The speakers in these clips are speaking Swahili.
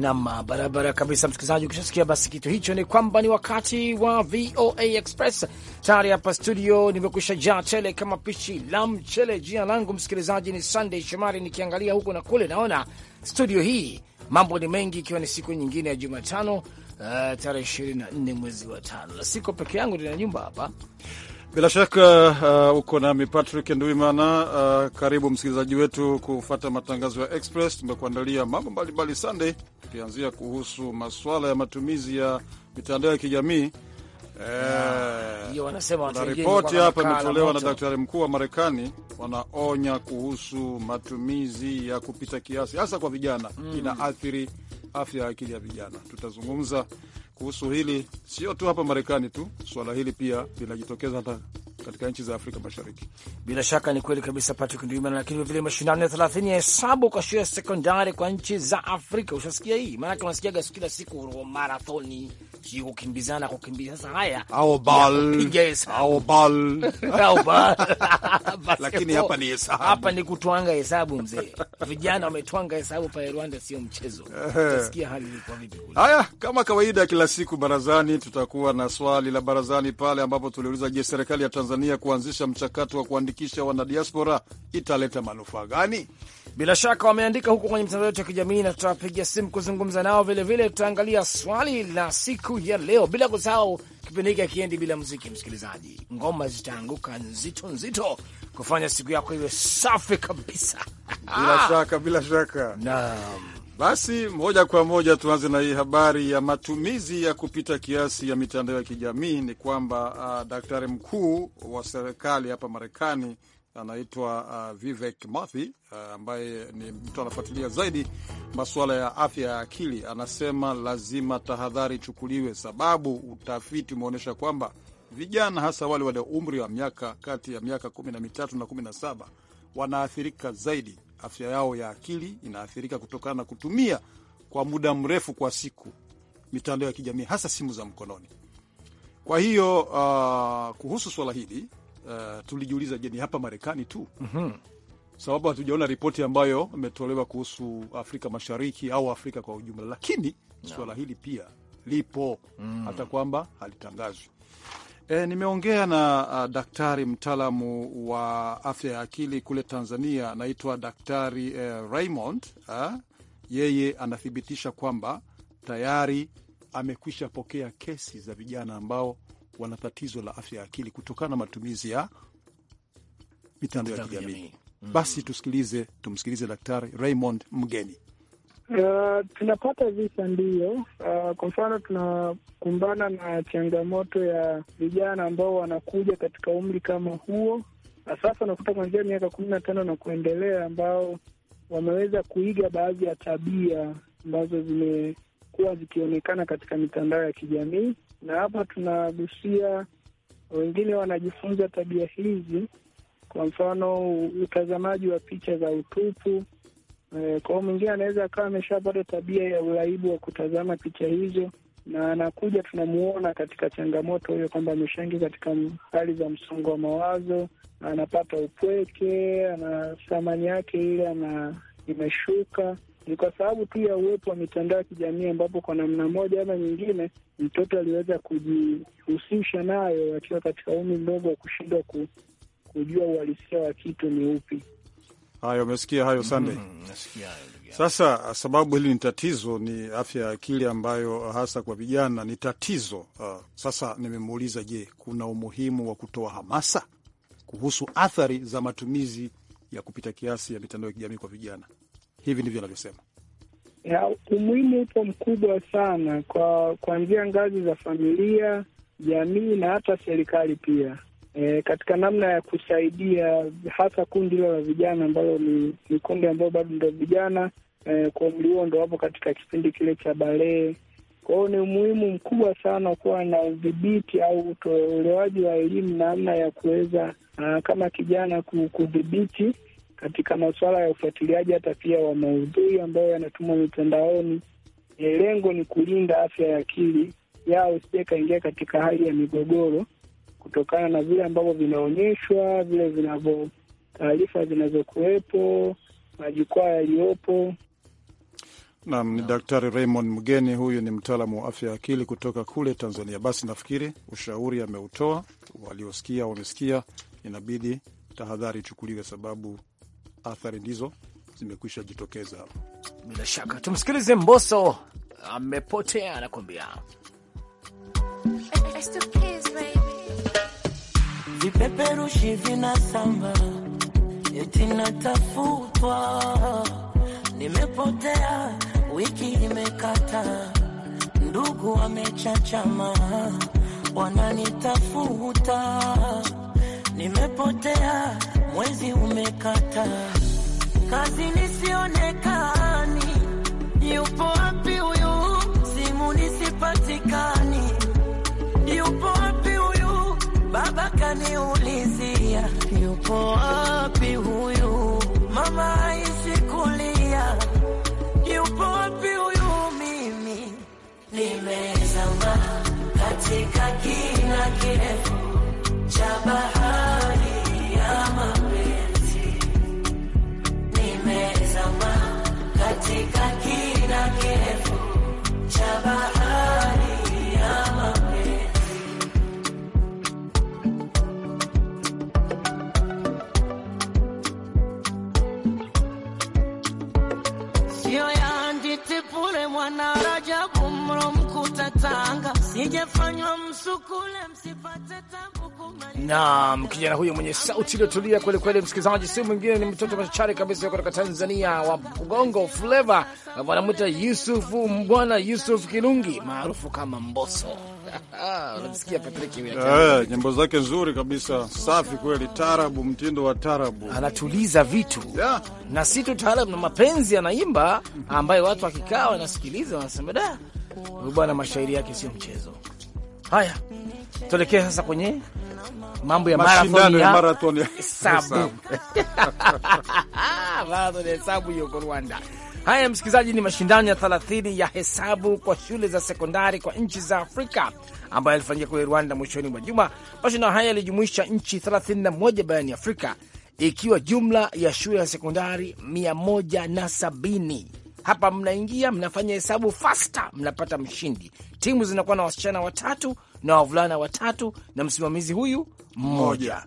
Nam, barabara kabisa, msikilizaji. Ukishasikia basi kitu hicho, ni kwamba ni wakati wa VOA Express tayari hapa studio, nimekusha jaa tele kama pishi la mchele. Jina langu msikilizaji ni Sunday Shomari. Nikiangalia huko na kule, naona studio hii mambo ni mengi, ikiwa ni siku nyingine ya Jumatano, uh, tarehe 24 mwezi wa tano, na siko peke yangu, nina nyumba hapa bila shaka uh, uko nami Patrick Ndwimana. Uh, karibu msikilizaji wetu kufata matangazo ya Express. Tumekuandalia mambo mbalimbali Sunday, tukianzia kuhusu maswala ya matumizi ya mitandao ya kijamii eh, na ripoti hapa imetolewa na daktari mkuu wa Marekani, wanaonya kuhusu matumizi ya kupita kiasi, hasa kwa vijana mm. Inaathiri afya ya akili ya vijana. Tutazungumza kuhusu hili, sio tu hapa Marekani tu, swala hili pia linajitokeza hata katika nchi za Afrika Mashariki. Bila shaka ni kweli kabisa, Patrick Ndwimana. Lakini vilevile mashindano ya thelathini ya hesabu kwa shule ya sekondari kwa nchi za Afrika, ushasikia hii? Maanake unasikiaga kila siku marathoni, sijui kukimbizana, kukimbia. Sasa haya lakini hapa ni hesabu, hapa ni kutwanga hesabu. Mzee, vijana wametwanga hesabu pale Rwanda, sio mchezo. Utasikia hali ilikuwa vipi kule. Haya, kama kawaida, kila siku barazani, tutakuwa na swali la barazani pale ambapo tuliuliza, je, serikali ya Tanzania Tanzania kuanzisha mchakato wa kuandikisha wanadiaspora italeta manufaa gani? Bila shaka wameandika huko kwenye mitandao yetu ya kijamii, na tutawapigia simu kuzungumza nao vilevile. Tutaangalia swali la siku ya leo, bila kusahau kipindi hiki akiendi bila muziki. Msikilizaji, ngoma zitaanguka nzito nzito kufanya siku yako iwe safi kabisa. Bila shaka, bila shaka, naam. Basi moja kwa moja tuanze na hii habari ya matumizi ya kupita kiasi ya mitandao ya kijamii. Ni kwamba uh, daktari mkuu wa serikali hapa Marekani anaitwa uh, Vivek Murthy uh, ambaye ni mtu anafuatilia zaidi masuala ya afya ya akili, anasema lazima tahadhari ichukuliwe, sababu utafiti umeonyesha kwamba vijana hasa wale walio umri wa miaka kati ya miaka kumi na mitatu na kumi na saba wanaathirika zaidi afya yao ya akili inaathirika kutokana na kutumia kwa muda mrefu kwa siku mitandao ya kijamii, hasa simu za mkononi. Kwa hiyo uh, kuhusu swala hili uh, tulijiuliza, je, ni hapa Marekani tu? mm -hmm. Sababu hatujaona ripoti ambayo imetolewa kuhusu Afrika Mashariki au Afrika kwa ujumla, lakini no. swala hili pia lipo mm. hata kwamba halitangazwi. E, nimeongea na uh, daktari mtaalamu wa afya ya akili kule Tanzania, anaitwa Daktari uh, Raymond uh, yeye anathibitisha kwamba tayari amekwisha pokea kesi za vijana ambao wana tatizo la afya ya akili kutokana na matumizi ya mitandao ya kijamii. Mm-hmm. Basi tusikilize, tumsikilize Daktari Raymond Mgeni. Uh, tunapata visa ndiyo. Uh, eh, kwa mfano tunakumbana na changamoto ya vijana ambao wanakuja katika umri kama huo, na sasa unakuta kuanzia miaka kumi na tano na kuendelea, ambao wameweza kuiga baadhi ya tabia ambazo zimekuwa zikionekana katika mitandao ya kijamii, na hapa tunagusia wengine wanajifunza tabia hizi, kwa mfano utazamaji wa picha za utupu E, eh, kwao mwingine anaweza akawa ameshapata tabia ya uraibu wa kutazama picha hizo, na anakuja tunamuona katika changamoto hiyo kwamba ameshangi katika hali za msongo wa mawazo, anapata upweke, ana thamani yake ile ana imeshuka ni kwa sababu tu ya uwepo wa mitandao ya kijamii ambapo kwa namna moja ama nyingine mtoto aliweza kujihusisha nayo akiwa katika umri mdogo wa kushindwa ku, kujua uhalisia wa kitu ni upi. Hayo umesikia hayo, Sunday. Mm, sasa sababu hili ni tatizo, ni afya ya akili ambayo uh, hasa kwa vijana ni tatizo. Uh, sasa nimemuuliza, je, kuna umuhimu wa kutoa hamasa kuhusu athari za matumizi ya kupita kiasi ya mitandao ya kijamii kwa vijana? Hivi ndivyo anavyosema. umuhimu upo mkubwa sana, kwa kuanzia ngazi za familia, jamii na hata serikali pia e, katika namna ya kusaidia hasa kundi hilo la vijana ambalo ni, ni kundi ambao bado ndo vijana e, kwa umri huo ndo wapo katika kipindi kile cha balee. Kwa hiyo ni umuhimu mkubwa sana kuwa na udhibiti au utolewaji wa elimu namna ya kuweza kama kijana kudhibiti katika masuala ya ufuatiliaji hata pia wa maudhui ambayo yanatumwa mitandaoni. E, lengo ni kulinda afya ya akili yao, isije ikaingia katika hali ya migogoro kutokana na vile ambavyo vinaonyeshwa, vile vinavyo taarifa zinazokuwepo, majukwaa yaliyopo. Naam, ni Daktari Raymond Mgeni, huyu ni mtaalamu wa afya ya akili kutoka kule Tanzania. Basi nafikiri ushauri ameutoa, waliosikia wamesikia, inabidi tahadhari ichukuliwe, sababu athari ndizo zimekwisha jitokeza Bila shaka tumsikilize Mboso, amepotea anakuambia vipeperushi vinasamba, eti natafutwa, nimepotea, wiki imekata, ndugu wamechachama, wananitafuta, nimepotea, mwezi umekata, kazi nisionekani, yupo ananiulizia yupo wapi huyu mama aishi yupo wapi huyu? Mimi nimezama katika kina kirefu cha bahari Naam, kijana huyo mwenye sauti iliyotulia kwelikweli, msikilizaji, si mwingine ni mtoto machachari kabisa kutoka Tanzania wa Bongo Flava, wanamwita Yusufu, Mbwana Yusuf kirungi maarufu kama Mboso. Unamsikia Patriki huyo, eh, nyimbo zake nzuri kabisa, safi kweli, tarabu, mtindo wa tarabu, anatuliza vitu yeah. na si tu tarabu na mapenzi anaimba, ambayo watu wakikaa wanasikiliza wanasema da, huyu bwana mashairi yake sio mchezo. Haya, tuelekee sasa kwenye mambo ya marathon ya marathon ya hesabu marathon ya hesabu yuko Rwanda. Haya, msikilizaji, ni mashindano ya 30 ya hesabu kwa shule za sekondari kwa nchi za Afrika ambayo yalifanyika kule Rwanda mwishoni mwa juma. Mashindano haya yalijumuisha nchi 31 barani Afrika, ikiwa jumla ya shule ya sekondari 170. Hapa mnaingia mnafanya hesabu fasta, mnapata mshindi. Timu zinakuwa na wasichana watatu na wavulana watatu na msimamizi huyu mmoja.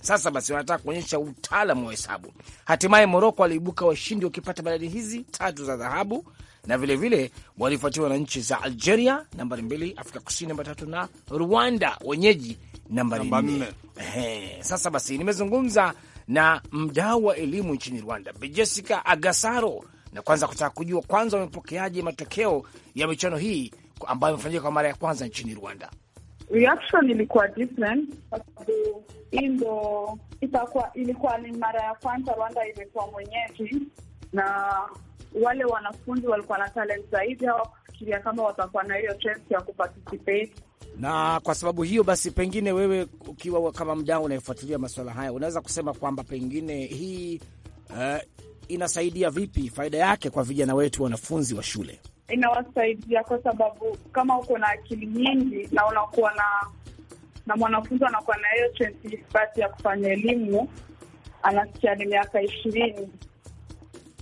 Sasa basi, wanataka kuonyesha utaalam wa hesabu. Hatimaye Moroko waliibuka washindi wakipata medali hizi tatu za dhahabu, na vilevile walifuatiwa na nchi za Algeria nambari mbili, Afrika Kusini namba tatu na Rwanda wenyeji nambari nne. Sasa basi, nimezungumza na mdau wa elimu nchini Rwanda, Jessica Agasaro na kwanza kutaka kujua kwanza wamepokeaje matokeo ya michuano hii ambayo imefanyika kwa mara ya kwanza nchini Rwanda. Reaction ilikuwa different kwa sababu hii ndo itakuwa ilikuwa ni mara ya kwanza Rwanda imekuwa mwenyeji, na wale wanafunzi walikuwa na talent zaidi, hawakufikiria kama watakuwa na hiyo chance ya kuparticipate. Na kwa sababu hiyo basi, pengine wewe ukiwa kama mdau unayefuatilia masuala haya, unaweza kusema kwamba pengine hii uh, inasaidia vipi? Faida yake kwa vijana wetu wanafunzi wa shule? Inawasaidia kwa sababu kama uko na akili nyingi na unakuwa na na mwanafunzi anakuwa na hiyo basi ya kufanya elimu, anasikia ni miaka ishirini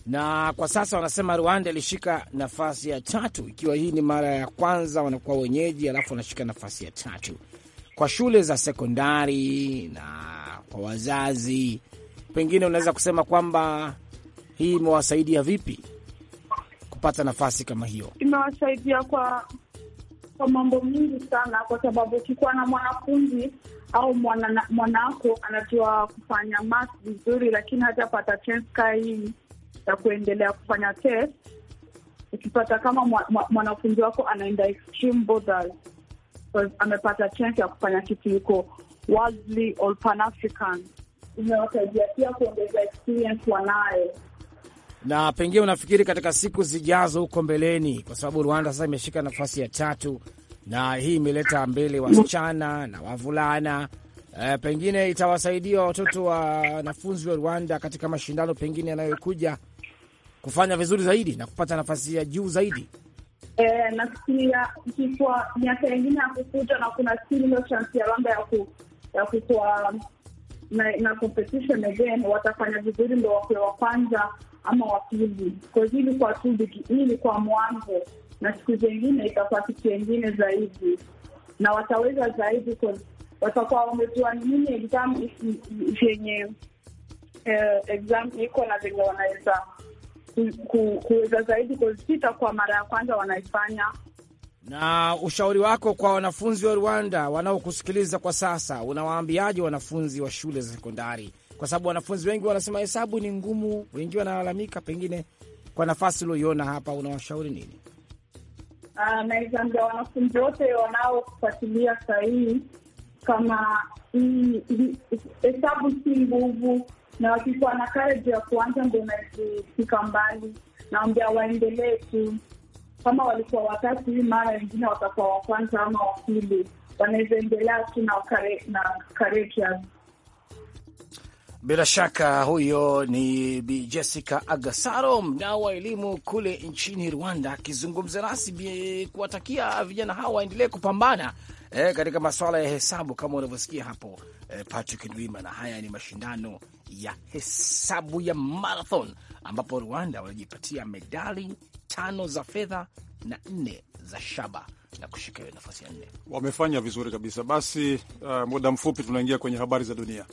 na kwa sasa wanasema Rwanda ilishika nafasi ya tatu, ikiwa hii ni mara ya kwanza wanakuwa wenyeji, alafu wanashika nafasi ya tatu kwa shule za sekondari. Na kwa wazazi, pengine unaweza kusema kwamba hii imewasaidia vipi kupata nafasi kama hiyo? Imewasaidia kwa kwa mambo mingi sana, kwa sababu ukikuwa na mwanafunzi au mwana, mwanako anajua kufanya math vizuri, lakini hatapata chance kaa hii ya kuendelea kufanya test. Ukipata kama mwanafunzi wako anaenda extreme borders, amepata chance ya kufanya kitu iko worldly or pan-African, imewasaidia pia kuongeza experience na pengine unafikiri katika siku zijazo huko mbeleni, kwa sababu Rwanda sasa imeshika nafasi ya tatu na hii imeleta mbele wasichana na wavulana e, pengine itawasaidia watoto wa wanafunzi wa Rwanda katika mashindano pengine yanayokuja kufanya vizuri zaidi na kupata nafasi ya juu zaidi. E, eh, nafikiria ikikuwa miaka ingine ya kukuja na kuna still hiyo chansi ya Rwanda ya, ku, ya na, na competition again, watafanya vizuri ndo wakwe wa kwanza ama watubu, ili kwa tubu, ili kwa mwanzo, na siku zingine itakuwa kitu kingine zaidi, na wataweza zaidi, watakuwa wamejua ni nini exam zenye eh, exam iko na venye wanaweza kuweza zaidi, kwa mara ya kwanza wanaifanya. Na ushauri wako kwa wanafunzi wa Rwanda wanaokusikiliza kwa sasa, unawaambiaje wanafunzi wa shule za sekondari kwa sababu wanafunzi wengi wanasema hesabu ni ngumu, wengi wanalalamika. Pengine kwa nafasi ulioiona hapa, unawashauri nini? Uh, naweza ambia wanafunzi wote wanaofuatilia sahihi kama hesabu si nguvu, na wakikuwa na kareji ya kuanza ndo nazifika mbali. Naambia waendelee tu, kama walikuwa watatu hii mara wengine watakuwa wa kwanza ama wa pili, wanaweza endelea tu na kareji ya bila shaka huyo ni Bi Jessica Agasaro, mdau wa elimu kule nchini Rwanda, akizungumza nasi kuwatakia vijana hawa waendelee kupambana eh, katika masuala ya hesabu kama unavyosikia hapo eh, Patrick Ndwima. Na haya ni mashindano ya hesabu ya marathon ambapo Rwanda wanajipatia medali tano za fedha na nne za shaba na kushika hiyo nafasi ya nne. Wamefanya vizuri kabisa. Basi uh, muda mfupi tunaingia kwenye habari za dunia.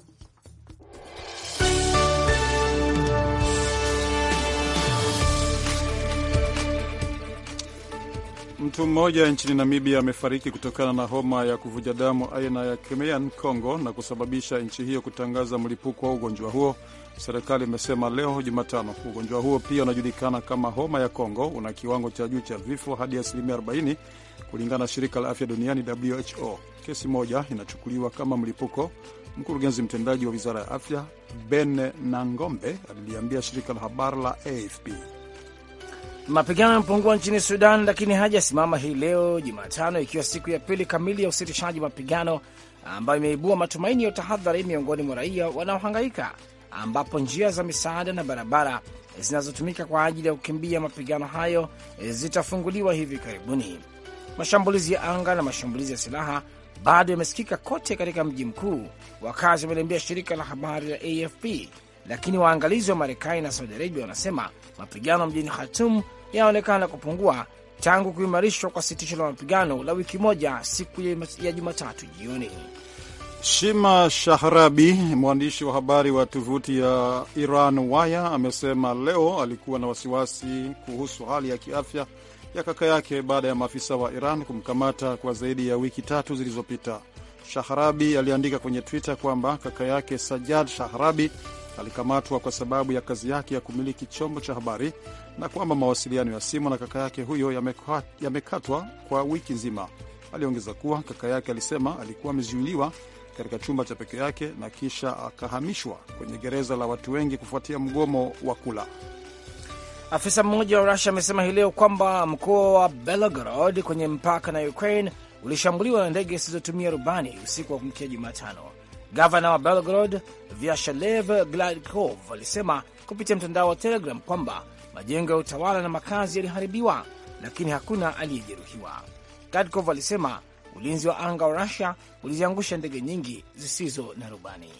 Mtu mmoja nchini Namibia amefariki kutokana na homa ya kuvuja damu aina ya Crimean Congo na kusababisha nchi hiyo kutangaza mlipuko wa ugonjwa huo, serikali imesema leo Jumatano. Ugonjwa huo pia unajulikana kama homa ya Congo, una kiwango cha juu cha vifo hadi asilimia 40 kulingana na shirika la afya duniani WHO. Kesi moja inachukuliwa kama mlipuko. Mkurugenzi mtendaji wa wizara ya afya Ben Nangombe aliliambia shirika la habari la AFP. Mapigano yamepungua nchini Sudan, lakini hajasimama hii leo Jumatano, ikiwa siku ya pili kamili ya usitishaji mapigano ambayo imeibua matumaini ya utahadhari miongoni mwa raia wanaohangaika, ambapo njia za misaada na barabara zinazotumika kwa ajili ya kukimbia mapigano hayo zitafunguliwa hivi karibuni. Mashambulizi ya anga na mashambulizi ya silaha bado yamesikika kote katika mji mkuu, wakazi wameliambia shirika la habari la AFP, lakini waangalizi wa Marekani na Saudi Arabia wanasema mapigano mjini Khartoum yanaonekana kupungua tangu kuimarishwa kwa sitisho la mapigano la wiki moja siku ya Jumatatu jioni. Shima Shahrabi, mwandishi wa habari wa tovuti ya Iran Waya, amesema leo alikuwa na wasiwasi kuhusu hali ya kiafya ya kaka yake baada ya maafisa wa Iran kumkamata kwa zaidi ya wiki tatu zilizopita. Shahrabi aliandika kwenye Twitter kwamba kaka yake Sajad Shahrabi alikamatwa kwa sababu ya kazi yake ya kumiliki chombo cha habari na kwamba mawasiliano ya simu na kaka yake huyo yamekatwa kwa wiki nzima. Aliongeza kuwa kaka yake alisema alikuwa amezuiliwa katika chumba cha peke yake na kisha akahamishwa kwenye gereza la watu wengi kufuatia mgomo wa kula. Afisa mmoja wa rusia amesema hii leo kwamba mkoa wa Belgorod kwenye mpaka na Ukraine ulishambuliwa na ndege zisizotumia rubani usiku wa kumkia Jumatano. Gavana wa Belgorod Vyashalev Gladkov alisema kupitia mtandao wa Telegram kwamba majengo ya utawala na makazi yaliharibiwa, lakini hakuna aliyejeruhiwa. Gladkov alisema ulinzi wa anga wa Rusia uliziangusha ndege nyingi zisizo na rubani.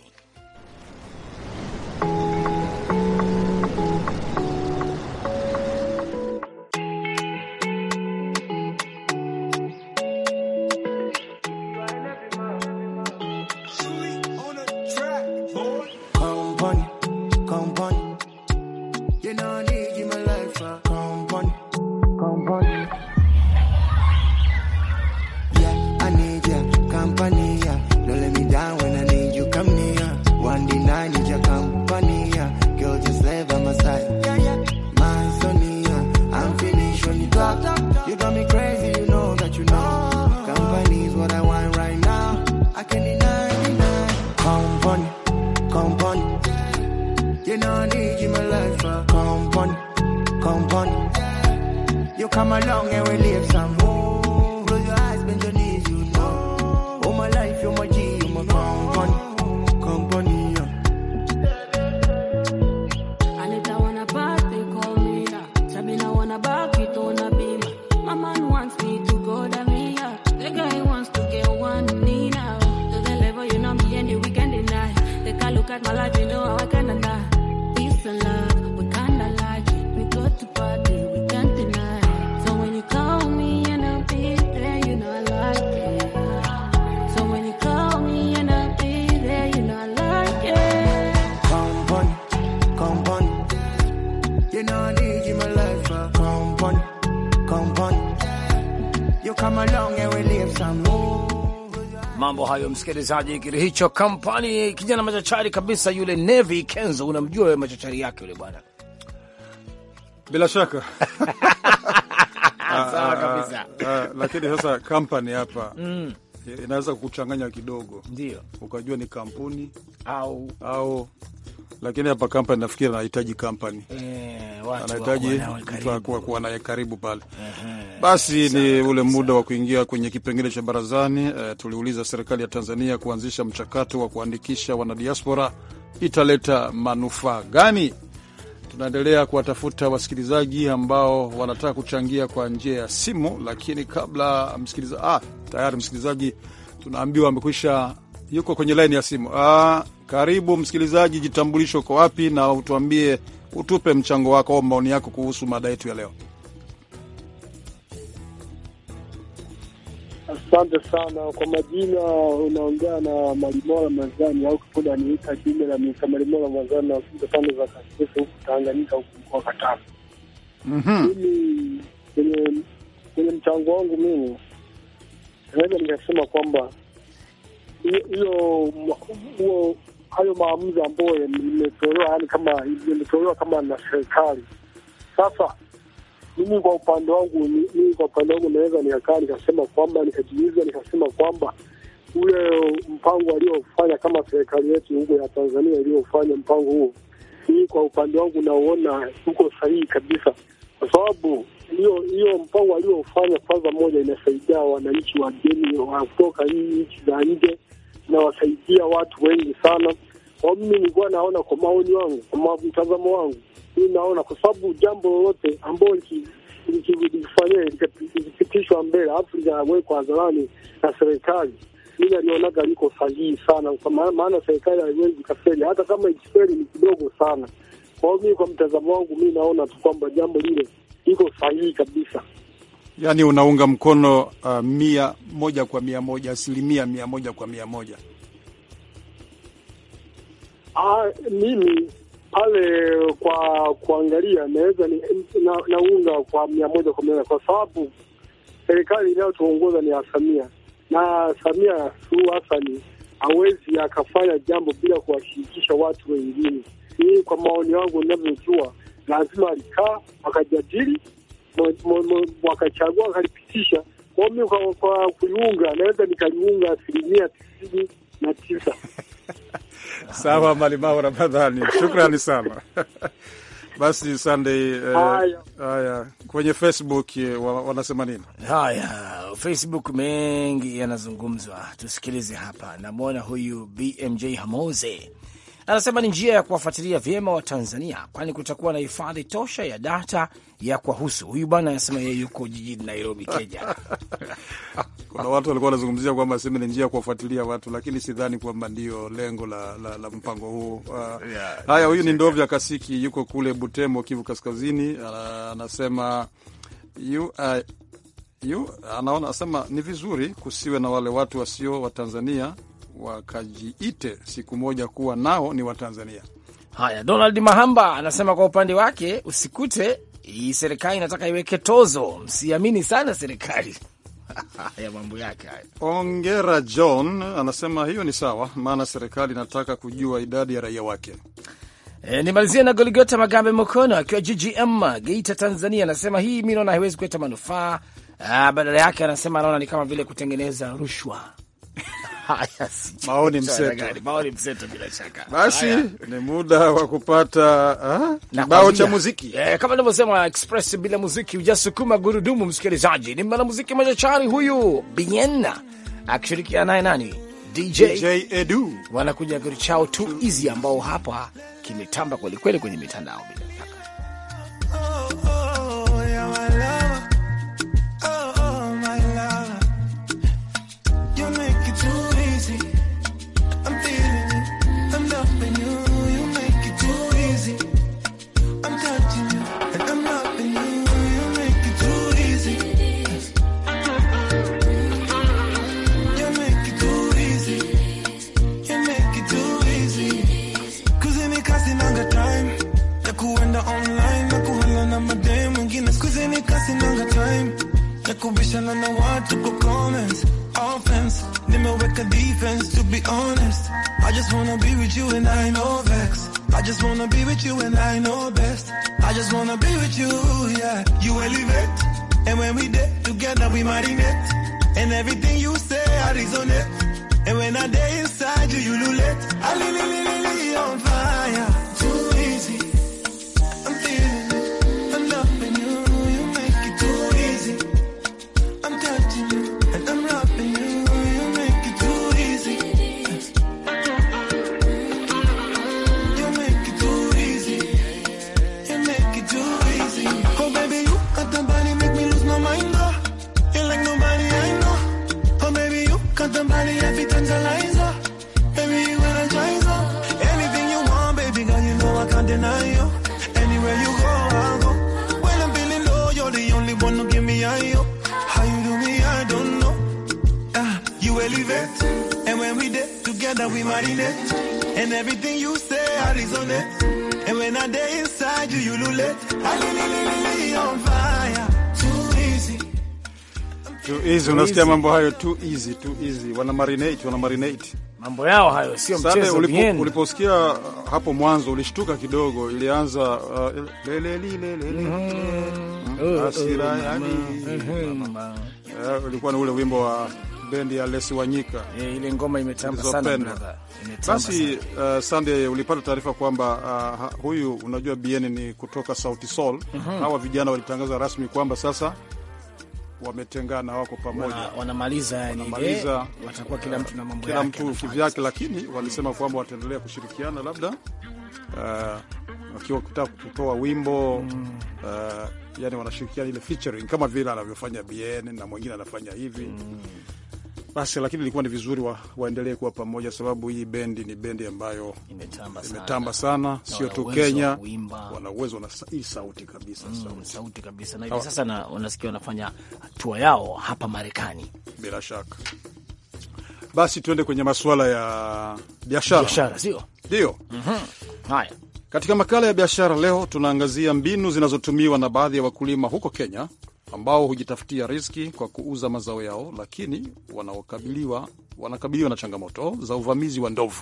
msikilizaji, kile hicho kampani, kijana machachari kabisa yule Nevi Kenzo. Unamjua wewe machachari yake yule bwana, bila shaka ah, ah, sawa kabisa. Ah, lakini sasa kampani hapa mm inaweza kuchanganya kidogo, ndio ukajua ni kampuni au au, lakini hapa kampani nafikiri anahitaji kampani, eh, anahitaji mtu akuwa naye karibu pale. uh -huh. Basi ni ule muda wa kuingia kwenye kipengele cha barazani. E, tuliuliza serikali ya Tanzania kuanzisha mchakato wa kuandikisha wanadiaspora italeta manufaa gani? Tunaendelea kuwatafuta wasikilizaji ambao wanataka kuchangia kwa njia ya simu, lakini kabla msikiliza, ah, tayari msikilizaji tunaambiwa amekwisha yuko kwenye laini ya simu. Ah, karibu msikilizaji, jitambulisho uko wapi na utuambie, utupe mchango wako au maoni yako kuhusu mada yetu ya leo. Asante sana kwa majina, unaongea na Malimola Mazani au kikuda niita jina la Mr. Malimola Mazani wakuza pande za Kasese huku Tanganyika, huku mkoa Katavi. Mhm. Mimi kwenye mchango wangu mimi naweza nikasema kwamba hiyo huo hayo maamuzi ambayo imetolewa, yani kama imetolewa kama na serikali sasa mimi kwa upande wangu, mimi kwa upande wangu naweza nikakaa nikasema kwamba nikajiuliza nikasema kwamba ule mpango aliofanya kama serikali yetu huko ya Tanzania iliyofanya mpango huo, mimi kwa upande wangu nauona uko sahihi kabisa, kwa sababu hiyo hiyo mpango aliofanya kwanza, moja, inasaidia wananchi wageni wa kutoka nchi za nje, inawasaidia watu wengi sana. Kwa mimi nilikuwa naona kwa maoni wangu, kwa mtazamo wangu mi naona kwa sababu jambo lolote ambalo likifanyia likipitishwa mbele alafu likawekwa hadharani na serikali, mi alionaga liko sahihi sana, maana serikali haiwezi kafeli, hata kama ikifeli ni kidogo sana. Kwa hiyo mi, kwa mtazamo wangu, mi naona tu kwamba jambo lile liko sahihi kabisa. yani unaunga mkono uh, mia moja kwa mia moja, asilimia mia moja kwa mia moja? Ah, mimi pale kwa kuangalia naweza ni na, kwa mia moja kwa mia kwa sababu serikali inayotuongoza ni ya Samia na Samia Suluhu Hassan hawezi akafanya jambo bila kuwashirikisha watu wengine. Hii kwa maoni yangu inavyojua, lazima alikaa wakajadili, wakachagua, wakalipitisha. Kwa mi kwa, kwa kuliunga naweza nikaliunga asilimia tisini na tisa. Sawa Malimao Ramadhani, shukrani sana Basi Sunday, eh, haya kwenye Facebook eh, wanasema nini? Haya, Facebook mengi yanazungumzwa, tusikilize hapa. Namwona huyu BMJ Hamoze anasema ni njia ya kuwafuatilia vyema Watanzania, kwani kutakuwa na hifadhi tosha ya data ya kwahusu. Huyu bwana anasema yeye yuko jijini Nairobi, Kenya. Kuna watu walikuwa wanazungumzia kwamba sema ni njia ya kuwafuatilia watu, lakini sidhani kwamba ndio lengo la, la, la mpango huu uh, yeah. Haya, huyu ni Ndovya Kasiki, yuko kule Butembo, Kivu Kaskazini, uh, anasema you, uh, anaona asema ni vizuri kusiwe na wale watu wasio Watanzania wakajiite siku moja kuwa nao ni Watanzania. Haya, Donald Mahamba anasema kwa upande wake, usikute hii serikali inataka iweke tozo, msiamini sana serikali. Haya mambo yake haya. Ongera John anasema hiyo ni sawa, maana serikali inataka kujua idadi ya raia wake. E, nimalizie na Goligota Magambe Mokono akiwa GGM Geita, Tanzania, anasema hii mi naona haiwezi kuleta manufaa. Ah, badala yake anasema anaona ni kama vile kutengeneza rushwa. maoni mseto, maoni mseto, bila shaka. Basi ni muda wa kupata ah, kibao cha muziki eh, kama nilivyosema express bila muziki hujasukuma gurudumu. Msikilizaji, ni mwanamuziki machachari huyu Bienna akishirikiana naye nani DJ, DJ Edu, wanakuja kitu chao tu easy ambao hapa kimetamba kwelikweli kwenye mitandao bila shaka kubisha na want to go comments offense a defense to be honest I just wanna be with you and I know vex I just wanna be with you and I know best I just wanna be with you yeah you elevate and when we did together we marinate and everything you say I resonate and when I day inside you you lulate I li li on fire elevate. And when we did together, we marinate. And everything you say, I resonate. And when I day inside you, you lulate. I li, li, li, on fire. Too easy. Too easy. Unasikia mambo hayo, too easy, too easy. Wana marinate, wana marinate. Mambo yao hayo sio mchezo. Ulipo, uliposikia hapo mwanzo ulishtuka kidogo, ilianza lele uh, lele lele mm mm-hmm. -hmm. Oh, oh, yani, mm-hmm. eh, ulikuwa ni ule wimbo wa bendi ya Lesi Wanyika. E, ile ngoma imetamba sana brother. Basi uh, Sunday ulipata taarifa kwamba uh, huyu unajua BN ni kutoka Sauti Sol. mm -hmm. Hawa vijana walitangaza rasmi kwamba sasa wametengana, wako pamoja, wanamaliza yani, wanamaliza, eh, watakuwa kila mtu na mambo yake, kila mtu kivyake, lakini walisema kwamba wataendelea kushirikiana labda uh, wakiwa kutaka kutoa wimbo mm. Uh, yani wanashirikiana ile featuring kama vile anavyofanya BN na mwingine anafanya hivi mm basi, lakini ilikuwa ni vizuri wa, waendelee kuwa pamoja, sababu hii bendi ni bendi ambayo imetamba, imetamba sana, sio tu Kenya, wana uwezo na hii sauti kabisa, mm, sauti. Sauti kabisa na hivi sasa na wanafanya hatua yao hapa Marekani bila shaka. Basi tuende kwenye masuala ya biashara, biashara sio ndio? mm -hmm. Haya, katika makala ya biashara leo tunaangazia mbinu zinazotumiwa na baadhi ya wakulima huko Kenya ambao hujitafutia riski kwa kuuza mazao yao, lakini wanaokabiliwa, wanakabiliwa na changamoto za uvamizi wa ndovu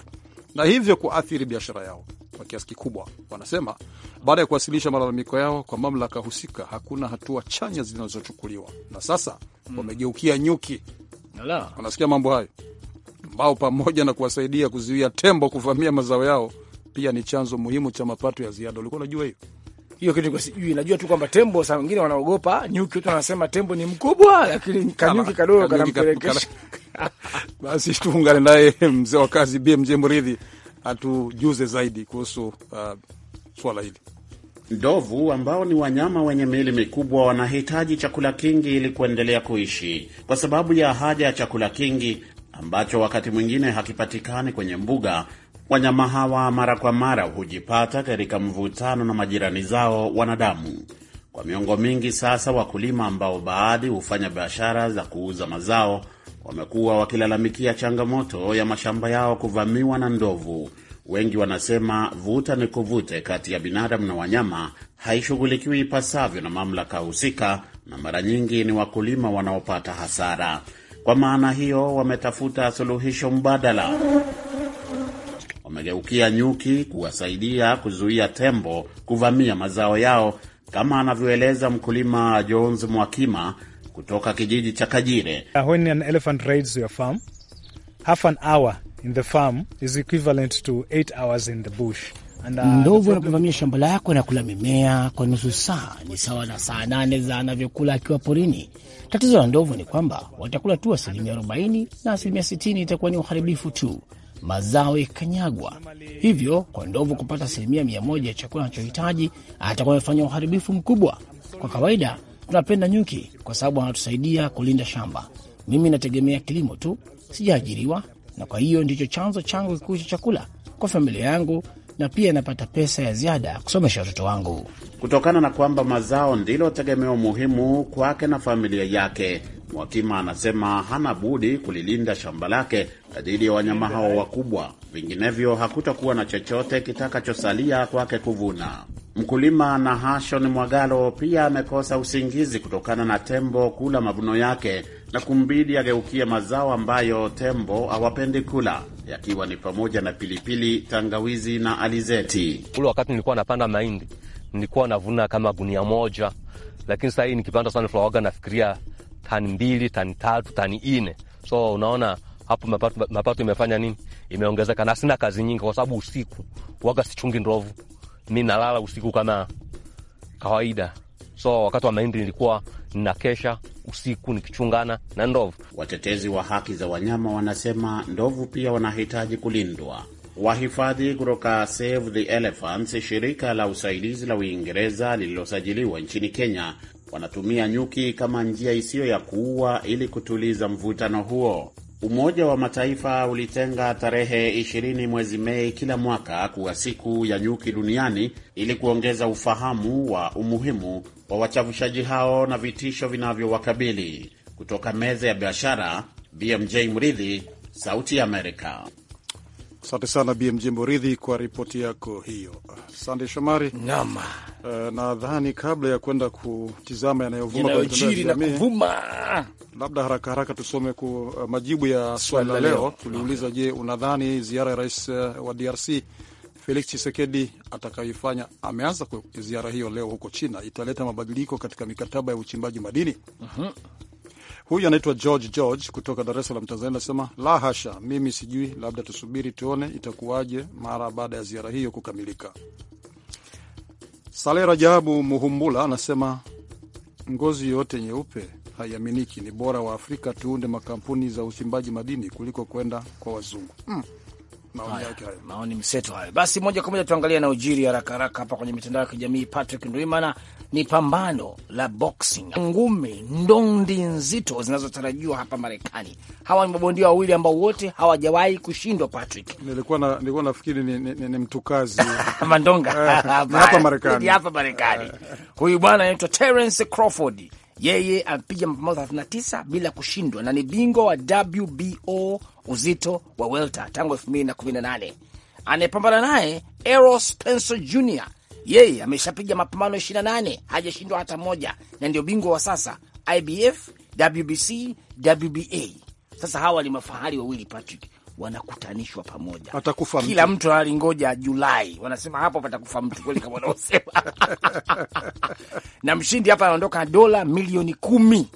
na hivyo kuathiri biashara yao kwa kiasi kikubwa. Wanasema baada ya kuwasilisha malalamiko yao kwa mamlaka husika, hakuna hatua chanya zinazochukuliwa, na sasa mm, wamegeukia nyuki. Wanasikia mambo hayo, ambao pamoja na kuwasaidia kuzuia tembo kuvamia mazao yao, pia ni chanzo muhimu cha mapato ya ziada. Ulikuwa unajua hiyo? hiyo kitu kwa sijui, najua tu kwamba tembo saa wengine wanaogopa nyuki, watu wanasema tembo ni mkubwa, lakini kanyuki kadogo kanampelekesha. Basi tuungane naye mzee wa kazi BMJ Mridhi atujuze zaidi kuhusu uh, swala hili. Ndovu ambao ni wanyama wenye miili mikubwa wanahitaji chakula kingi ili kuendelea kuishi kwa sababu ya haja ya chakula kingi ambacho wakati mwingine hakipatikani kwenye mbuga Wanyama hawa mara kwa mara hujipata katika mvutano na majirani zao wanadamu. Kwa miongo mingi sasa, wakulima ambao baadhi hufanya biashara za kuuza mazao wamekuwa wakilalamikia changamoto ya mashamba yao kuvamiwa na ndovu. Wengi wanasema vuta ni kuvute kati ya binadamu na wanyama haishughulikiwi ipasavyo na mamlaka husika, na mara nyingi ni wakulima wanaopata hasara. Kwa maana hiyo, wametafuta suluhisho mbadala wamegeukia nyuki kuwasaidia kuzuia tembo kuvamia mazao yao, kama anavyoeleza mkulima Jones Mwakima kutoka kijiji cha Kajire. Ndovu anapovamia shamba lako na kula mimea kwa nusu saa ni sawa na saa nane za anavyokula akiwa porini. Tatizo la ndovu ni kwamba watakula tu asilimia 40 na asilimia 60 itakuwa ni uharibifu tu, mazao ikanyagwa. Hivyo kwa ndovu kupata asilimia mia moja ya chakula anachohitaji, atakuwa amefanya uharibifu mkubwa. Kwa kawaida tunapenda nyuki kwa sababu wanatusaidia kulinda shamba. Mimi nategemea kilimo tu, sijaajiriwa, na kwa hiyo ndicho chanzo changu kikuu cha chakula kwa familia yangu na pia inapata pesa ya ziada kusomesha watoto wangu. Kutokana na kwamba mazao ndilo tegemeo muhimu kwake na familia yake, Mwakima anasema hana budi kulilinda shamba lake dhidi ya wanyama hao wakubwa, vinginevyo hakutakuwa na chochote kitakachosalia kwake kuvuna. Mkulima na Hashon Mwagalo pia amekosa usingizi kutokana na tembo kula mavuno yake na kumbidi ageukie mazao ambayo tembo hawapendi kula yakiwa ni pamoja na pilipili, tangawizi na alizeti. Ule wakati nilikuwa napanda mahindi nilikuwa navuna kama gunia moja, lakini sasa hii nikipanda sunflower nafikiria tani mbili, tani tatu, tani nne. So unaona hapo mapato, mapato imefanya nini? Imeongezeka, na sina kazi nyingi kwa sababu usiku waga sichungi ndovu, mi nalala usiku kama kawaida. So wakati wa mahindi nilikuwa ninakesha usiku nikichungana na ndovu. Watetezi wa haki za wanyama wanasema ndovu pia wanahitaji kulindwa. Wahifadhi kutoka Save the Elephants, shirika la usaidizi la Uingereza lililosajiliwa nchini Kenya, wanatumia nyuki kama njia isiyo ya kuua ili kutuliza mvutano huo. Umoja wa Mataifa ulitenga tarehe 20 mwezi Mei kila mwaka kuwa siku ya nyuki duniani ili kuongeza ufahamu wa umuhimu wa wachafushaji hao na vitisho vinavyowakabili. Kutoka meza ya biashara, BMJ Mridhi, Sauti ya Amerika. Asante sana BMJ Moridhi kwa ripoti yako hiyo. Sande Shomari. Naam, uh, nadhani kabla ya kwenda kutizama yanayovuma labda haraka haraka tusome ku, uh, majibu ya swali la leo tuliuliza. Je, unadhani ziara ya rais uh, wa DRC Felix Chisekedi atakayoifanya ameanza ziara hiyo leo huko China italeta mabadiliko katika mikataba ya uchimbaji madini? uh mhm. -huh. Huyu anaitwa George George kutoka Dar es Salaam, Tanzania, anasema la hasha, mimi sijui, labda tusubiri tuone itakuwaje mara baada ya ziara hiyo kukamilika. Saleh Rajabu Muhumbula anasema ngozi yoyote nyeupe haiaminiki, ni bora wa Afrika tuunde makampuni za uchimbaji madini kuliko kwenda kwa wazungu. hmm maoni yake hayo, maoni mseto hayo. Basi moja kwa moja tuangalie na ujiri haraka haraka hapa kwenye mitandao ya kijamii. Patrick Ndwimana, ni pambano la boxing, ngumi, ndondi nzito zinazotarajiwa hapa Marekani. Hawa ni mabondia wawili ambao wote hawajawahi kushindwa. Patrick, nilikuwa na nilikuwa nafikiri ni, ni, ni, ni mtukazi mandonga eh, hapa Marekani, hapa eh. Marekani. Huyu bwana anaitwa Terence Crawford yeye amepiga mapambano 39 bila kushindwa na ni bingwa wa WBO uzito wa welter tangu 2018. Anayepambana naye Errol Spencer Jr, yeye ameshapiga mapambano 28 hajashindwa hata moja, na ndio bingwa wa sasa IBF, WBC, WBA. Sasa hawa ni mafahari wawili Patrick wanakutanishwa pamoja, patakufa mtu. Kila mtu analingoja Julai, wanasema hapo patakufa mtu kweli, kama wanaosema na mshindi hapa anaondoka dola milioni kumi.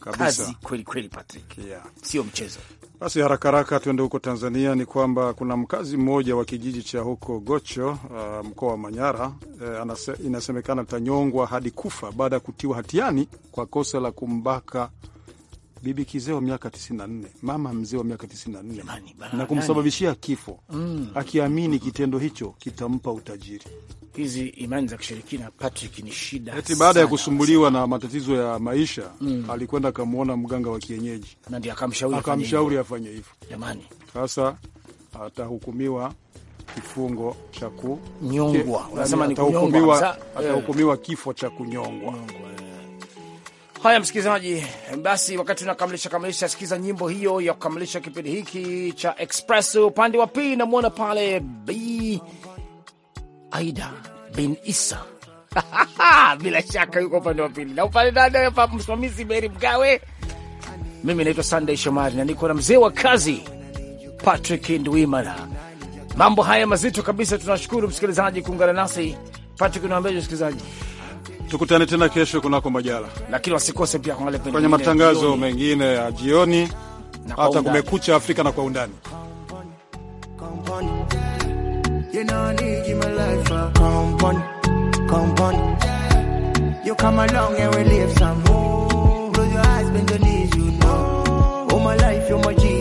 Kabisa. Kazi kweli kweli, Patrick, yeah. Sio mchezo. Basi haraka haraka tuende huko Tanzania. Ni kwamba kuna mkazi mmoja wa kijiji cha huko Gocho, uh, mkoa wa Manyara, uh, anase, inasemekana tanyongwa hadi kufa baada ya kutiwa hatiani kwa kosa la kumbaka bibi kizee wa miaka 94, mama mzee wa miaka 94 na kumsababishia kifo mm, akiamini kitendo hicho kitampa utajiri. Hizi imani za kishirikina Patrick ni shida. Eti baada ya kusumbuliwa na matatizo ya maisha mm, alikwenda akamwona mganga wa kienyeji na ndiye akamshauri afanye hivyo. Jamani, sasa atahukumiwa kifungo cha kunyongwa, atahukumiwa eh. kifo cha kunyongwa. Eh. Haya msikilizaji, basi wakati tunakamilisha kamilisha, sikiza nyimbo hiyo ya kukamilisha kipindi hiki cha Express. Upande wa pili namwona pale b Aida bin Isa bila shaka yuko upande wa pili na upande dada hapa, msimamizi Meri Mgawe. Mimi naitwa Sunday Shomari na niko na mzee wa kazi Patrick Ndwimana. Mambo haya mazito kabisa. Tunashukuru msikilizaji kuungana nasi. Patrick, unawaambia msikilizaji Tukutane tena kesho kunako majala, lakini wasikose pia kuangalia kwenye matangazo jioni, mengine ya jioni hata kumekucha Afrika na kwa undani come You know, oh, my life,